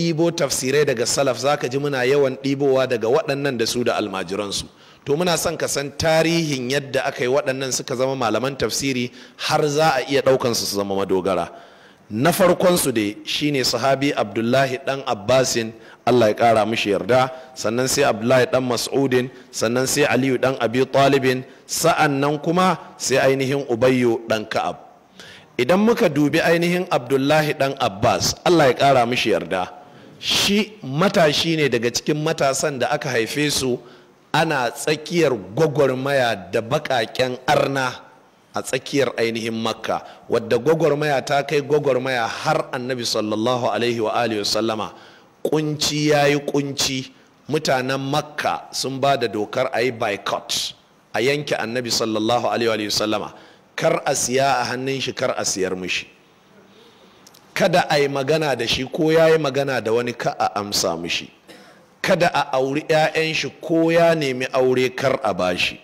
ɗibo tafsirai daga salaf zaka ji muna yawan ɗibowa daga waɗannan da su da almajiransu to muna son ka san tarihin yadda aka yi waɗannan suka zama malaman tafsiri har za a iya ɗaukan su zama madogara na farkon su dai shine sahabi abdullahi dan abbasin allah ya kara mishi yarda sannan sai abdullahi dan mas'udin sannan sai aliyu dan abi talibin sa'annan kuma sai ainihin ubayyu dan ka'ab idan muka dubi ainihin abdullahi dan abbas allah ya ƙara mishi yarda shi matashi ne daga cikin matasan da aka haife su ana tsakiyar gwagwarmaya da baƙaƙen arna a tsakiyar ainihin makka wadda gwagwarmaya ta kai gwagwarmaya har annabi sallallahu alaihi wa alihi sallama kunci ya yi kunci mutanen makka sun ba da dokar a yi boycott a yanke annabi sallallahu alaihi wa sallama kar a siya a hannun shi kar a siyar mushi kada a yi magana da shi ko ya yi magana da wani ka a amsa mishi kada a auri 'ya'yan shi ko ya nemi aure kar a bashi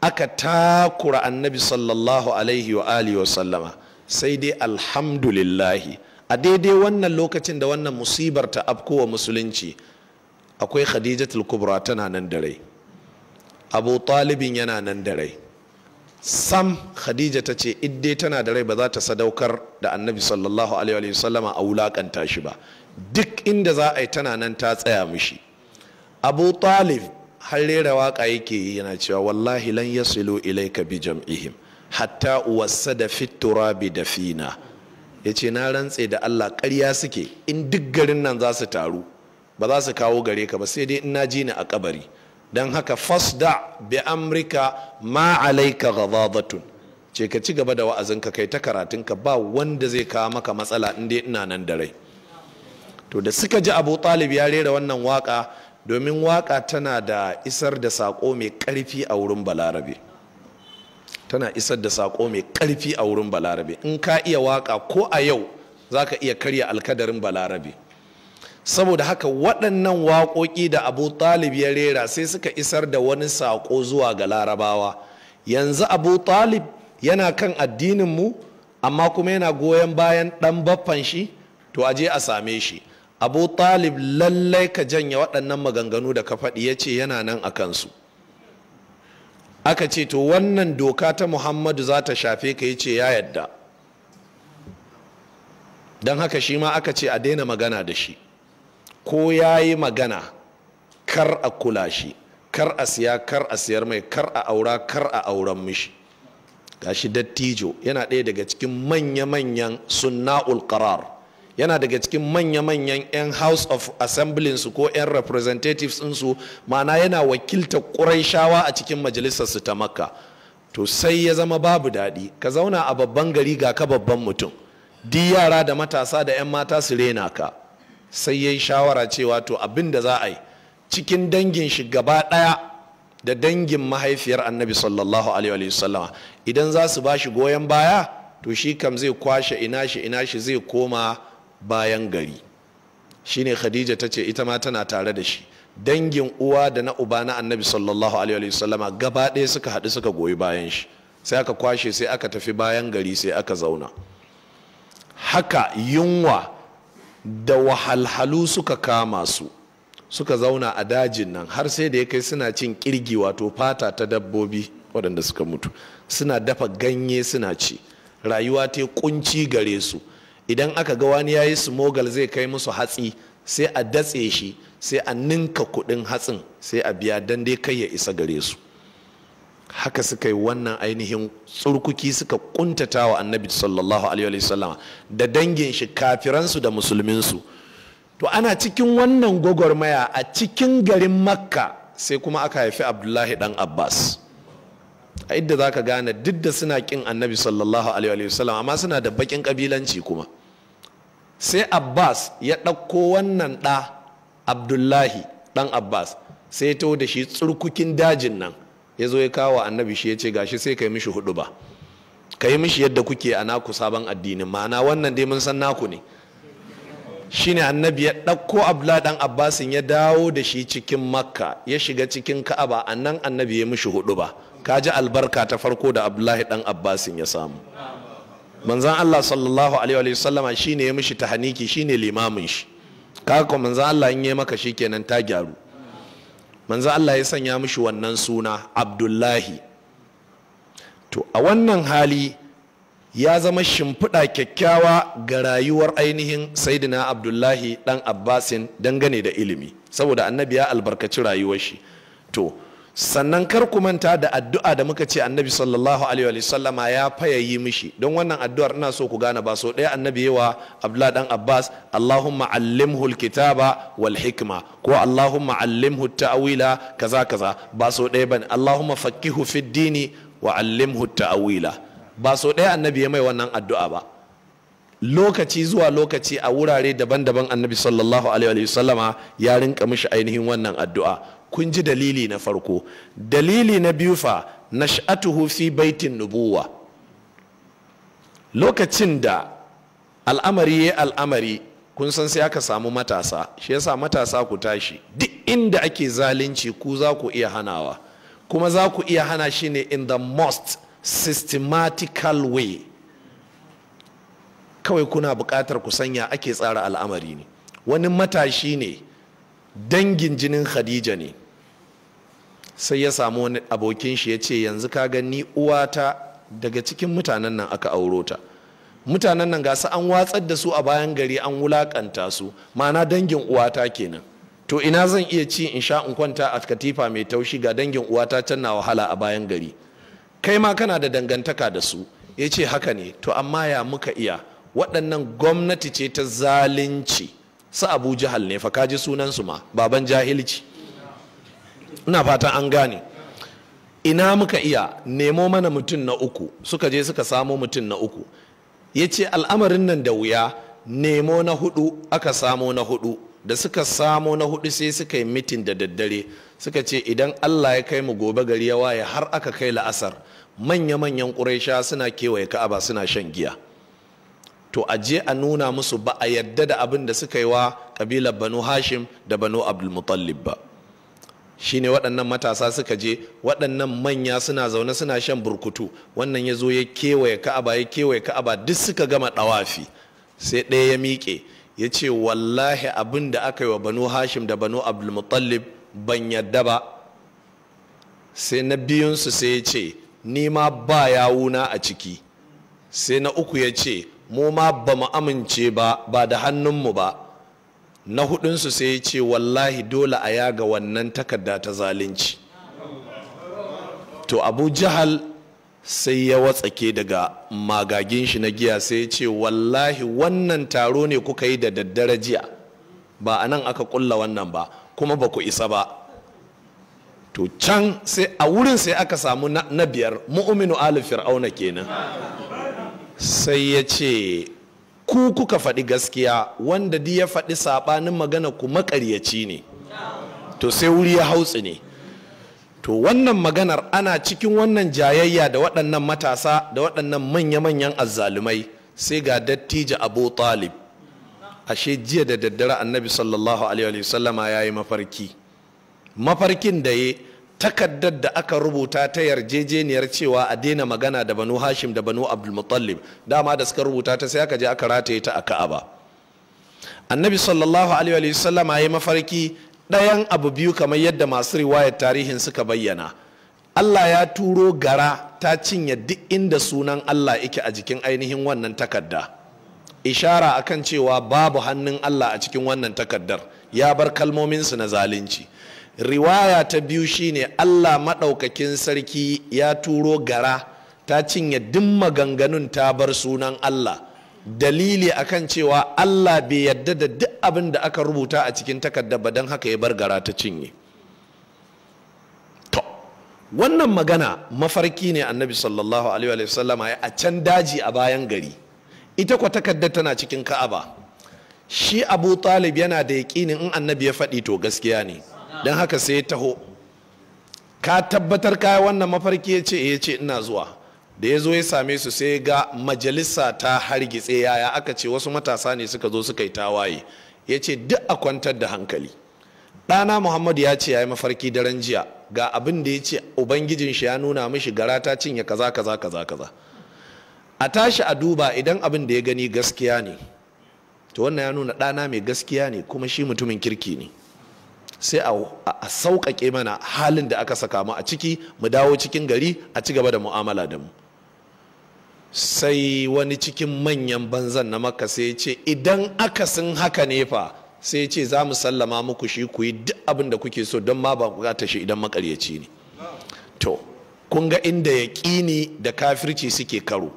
aka takura annabi sallallahu alaihi wa alihi wa sallama sai dai alhamdulillahi a daidai wannan lokacin da wannan musibar ta afkowa musulunci akwai khadijatul kubra tana nan da rai abu talibin yana nan da rai sam khadija ta ce idde tana da rai ba za ta sadaukar da annabi sallallahu alaihi sallama a wulakanta shi ba duk inda za a yi tana nan ta tsaya mishi abu talib har rera waka yake yi yana cewa wallahi lan yasilu ilaika bi jam'ihim hatta uwassada da turabi dafina yace na rantse da Allah karya suke in duk garin nan za su taru ba za su kawo gare ka ba sai dai in na ji ni a kabari don haka fasda bi amrika ma alaika ghadadatun ce ka ci gaba da wa'azinka kai ta karatunka ba wanda zai kawo maka matsala in dai ina nan da rai to da suka ji abu talib ya rera wannan waka domin waka tana da isar da sako mai karfi a wurin balarabe tana isar da sako mai karfi a wurin balarabe in ka iya waka ko a yau za ka iya karya alkadarin balarabe saboda haka waɗannan waƙoƙi da abu talib ya rera sai suka isar da wani saƙo zuwa ga larabawa yanzu abu talib yana kan addininmu amma kuma yana goyon bayan ɗan baffan shi to a je a same shi abu talib lallai ka janya waɗannan maganganu da ka faɗi ya ce yana nan a kansu aka ce to wannan doka ta muhammadu za ta shafe ka ya ce ya yadda don haka shi ma aka ce a daina magana da shi ko ya yi magana kar a kula shi kar a siya kar a siyar mai kar a aura kar a auren mishi gashi dattijo yana ɗaya daga cikin manya-manyan sunna'ul qarar yana daga cikin manya-manyan 'yan house of assemblies ko 'yan representatives su mana yana wakilta shawa a cikin majalisarsu ta makka to sai ya zama babu daɗi ka zauna a babban gari ga ka babban mutum di yara da matasa da 'yan mata su rena ka sai ya yi shawara cewa to abin da za a yi cikin dangin shi gaba ɗaya da dangin mahaifiyar annabi sallallahu alaihi wasallama idan za su ba shi goyon baya to shi kam zai kwashe ina shi ina shi zai koma bayan gari shine khadija ta ce ita ma tana tare da shi dangin uwa da na uba na annabi sallallahu alaihi wasallama gaba ɗaya suka haɗu suka goyi bayan shi sai aka kwashe sai aka tafi bayan gari sai aka zauna haka yunwa da wahalhalu suka kama su suka zauna a dajin nan har sai da ya kai suna cin kirgi wato fata ta dabbobi waɗanda suka mutu suna dafa ganye suna ci rayuwa ta kunci gare su idan aka ga wani ya yi smogal zai kai musu hatsi sai a datse shi sai a ninka kuɗin hatsin sai a biya dan dai kai ya isa gare su haka suka yi wannan ainihin tsurkuki suka kuntata wa annabi sallallahu alaihi Wasallama. da dangin shi kafiransu da musulminsu to ana cikin wannan gwagwarmaya a cikin garin makka sai kuma aka haifi abdullahi dan abbas a idda za ka gane duk da suna kin annabi sallallahu alaihi Wasallama amma suna da bakin kabilanci kuma sai abbas ya ɗauko wannan ɗa abdullahi dan abbas sai ya da shi tsurkukin dajin nan ya zo ya kawo annabi shi ya ce gashi sai kai mishi hudu ba ka yi mishi yadda kuke a naku sabon addinin ma'ana wannan dai mun san naku ne shine annabi ya ɗauko abla ɗan abbasin ya dawo da shi cikin makka ya shiga cikin ka'aba a nan annabi ya mishi hudu ba ka ji albarka ta farko da abdullahi ɗan abbasin ya samu manzan allah sallallahu alaihi wa sallama shine ya mishi tahaniki shine limamin shi kaga manzan allah in yi maka shikenan ta gyaru manzo Allah ya sanya mishi wannan suna abdullahi to a wannan hali ya zama shimfiɗa kyakkyawa ga rayuwar ainihin saidina abdullahi ɗan abbasin dangane da ilimi saboda annabi ya albarkaci rayuwar shi to sannan kar ku manta da addu'a da muka ce annabi sallallahu alaihi sallama ya faya yi mishi don wannan addu'ar ina so ku gane ba so ɗaya annabi yawa abdullahi dan abbas allahumma allimhu alkitaba wal hikma ko allahumma allimhu ta'wila kaza kaza ba so ɗaya bane allahumma faqihu fid dini wa allimhu ta'wila ba so ɗaya annabi ya mai wannan addu'a ba lokaci zuwa lokaci a wurare daban-daban annabi sallallahu alaihi wasallama ya rinka mishi ainihin wannan addu'a kun ji dalili na farko dalili na biyu fa nash'atuhu fi baitin nubuwa lokacin da al'amari ya al'amari kun san sai aka samu matasa shi yasa matasa ku tashi duk inda ake zalunci ku za ku iya hanawa kuma za ku iya hana shi ne in the most systematical way kawai kuna buƙatar ku sanya ake tsara al'amari ne wani matashi ne dangin jinin khadija ne sai ya samu wani abokin shi ya ce yanzu ka gani uwata daga cikin mutanen nan aka auro ta mutanen nan gasu an watsar da su a bayan gari an wulakanta su ma'ana dangin uwata kenan to ina zan iya ci in sha in kwanta a katifa mai taushi ga dangin uwata can na wahala a bayan gari kai ma kana da dangantaka da su ya ce haka ne to amma ya muka iya waɗannan gwamnati ce ta zalunci su abu jihal ne fa kaji sunansu ma baban jahilci ina fatan an gane ina muka iya nemo mana mutum na uku suka je suka samo mutum na uku ya ce al'amarin nan da wuya nemo na hudu aka samo na hudu da suka samo na hudu sai suka yi mitin da daddare suka ce idan allah ya kai mu gobe gari ya waye har aka kai la'asar manya-manyan ƙuraisha suna kewaye ka'aba suna shan giya to a je a nuna musu ba a yarda da abin da suka yi wa kabilar banu hashim da banu abdulmutallib ba Shi ne waɗannan matasa suka je waɗannan manya suna zaune suna shan burkutu wannan ya zo ya kewaye ka'aba ya kewaye ka'aba duk suka gama ɗawafi sai ɗaya ya miƙe ya ce wallahi abin da aka yi wa banu hashim da banu abdulmutallib ban yarda ba sai na biyunsu sai ya ce ni ma ba yawuna a ciki sai na uku ya ce mu ma ba mu amince ba ba da hannunmu ba na hudunsu sai ya ce wallahi dole a yaga wannan takarda ta zalunci to abu jahal sai ya watsake daga magagin shi na giya sai ya ce wallahi wannan taro ne kuka yi da daddare jiya ba a nan aka kulla wannan ba kuma ba ku isa ba to can sai a wurin sai aka samu na biyar mu'minu ali fir'auna kenan sai ya ce ku kuka faɗi gaskiya wanda di ya faɗi saɓanin magana ku makaryaci ne to sai wuri ya hautsi ne to wannan maganar ana cikin wannan jayayya da waɗannan matasa da waɗannan manya-manyan azzalumai sai ga dattijo abu talib ashe jiya da daddare annabi sallallahu alaihi wasallama ya yi mafarki mafarkin da ya takaddar da aka rubuta ta yarjejeniyar cewa a daina magana da banu hashim da banu abdulmutallib dama da suka rubuta ta sai aka je aka rataye ta a ka'aba annabi sallallahu alaihi wasallama ya mafarki ɗayan abu biyu kamar yadda masu riwayar tarihin suka bayyana allah ya turo gara ta cinye duk inda sunan allah yake a jikin ainihin wannan takarda. ishara akan cewa babu hannun allah a cikin wannan takardar ya bar kalmomin su na zalunci riwaya ta biyu shine allah maɗaukakin sarki ya turo gara ta cinye duk maganganun ta bar sunan allah dalili akan cewa allah bai yadda da duk abin da aka rubuta a cikin takarda ba don haka ya bar gara ta cinye to wannan magana mafarki ne annabi sallallahu alaihi ya a can daji a bayan gari ita kwa takarda tana cikin ka'aba shi abu talib yana da yaƙinin in annabi ya faɗi to gaskiya ne don haka sai ya taho ka tabbatar kaya wannan mafarki ya ce eh, ya ce ina zuwa da ya zo ya same su sai ga majalisa ta hargitse yaya aka ce wasu matasa ne suka zo suka yi tawaye ya ce duk a kwantar da hankali ɗana muhammadu ya ce ya yi mafarki daren jiya ga abin da ya ce ubangijin shi ya nuna mishi gara ta cinye kaza kaza kaza kaza a tashi a duba idan abin da ya gani gaskiya ne to wannan ya nuna ɗana mai gaskiya ne kuma shi mutumin kirki ne sai a sauƙaƙe mana halin da aka saka mu a ciki mu dawo cikin gari a ci gaba da mu'amala da mu sai wani cikin manyan banzan na makka sai ya ce idan aka sun haka ne fa sai ya ce za mu sallama muku shi ku yi duk abin da kuke so don ma ba ku ta shi idan makaryaci ne to kun ga inda yaƙini da kafirci suke karo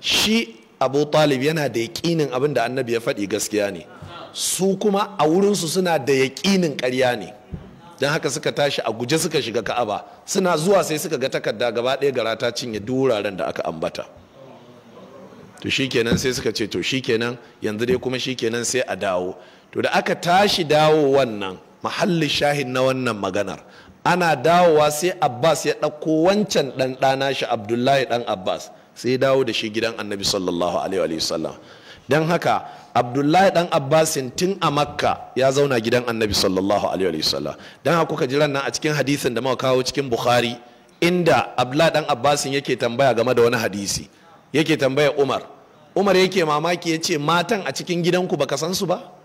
shi abu talib yana da yaƙinin abin da annabi ya faɗi gaskiya ne su kuma a wurinsu suna da yaƙinin ƙarya ne don haka suka tashi a guje suka shiga ka'aba suna zuwa sai suka ga takarda gaba ɗaya gara ta cinye duraren da aka ambata to shikenan sai suka ce to shikenan yanzu dai kuma shikenan sai a dawo to da aka tashi dawo wannan mahallin shahin na wannan maganar ana dawowa sai abbas ya ɗauko wancan ɗan ɗana shi abdullahi ɗan abbas sai dawo da shi gidan annabi sallallahu alaihi wasallam don haka abdullahi dan abbasin tun a makka ya zauna gidan annabi sallallahu alaihi wasallam don haka kuka jiran nan a cikin hadisin da muka kawo cikin bukhari inda abdullahi dan abbasin yake tambaya game da wani hadisi yake tambaya umar umar yake mamaki ya ce matan a cikin gidanku baka san su ba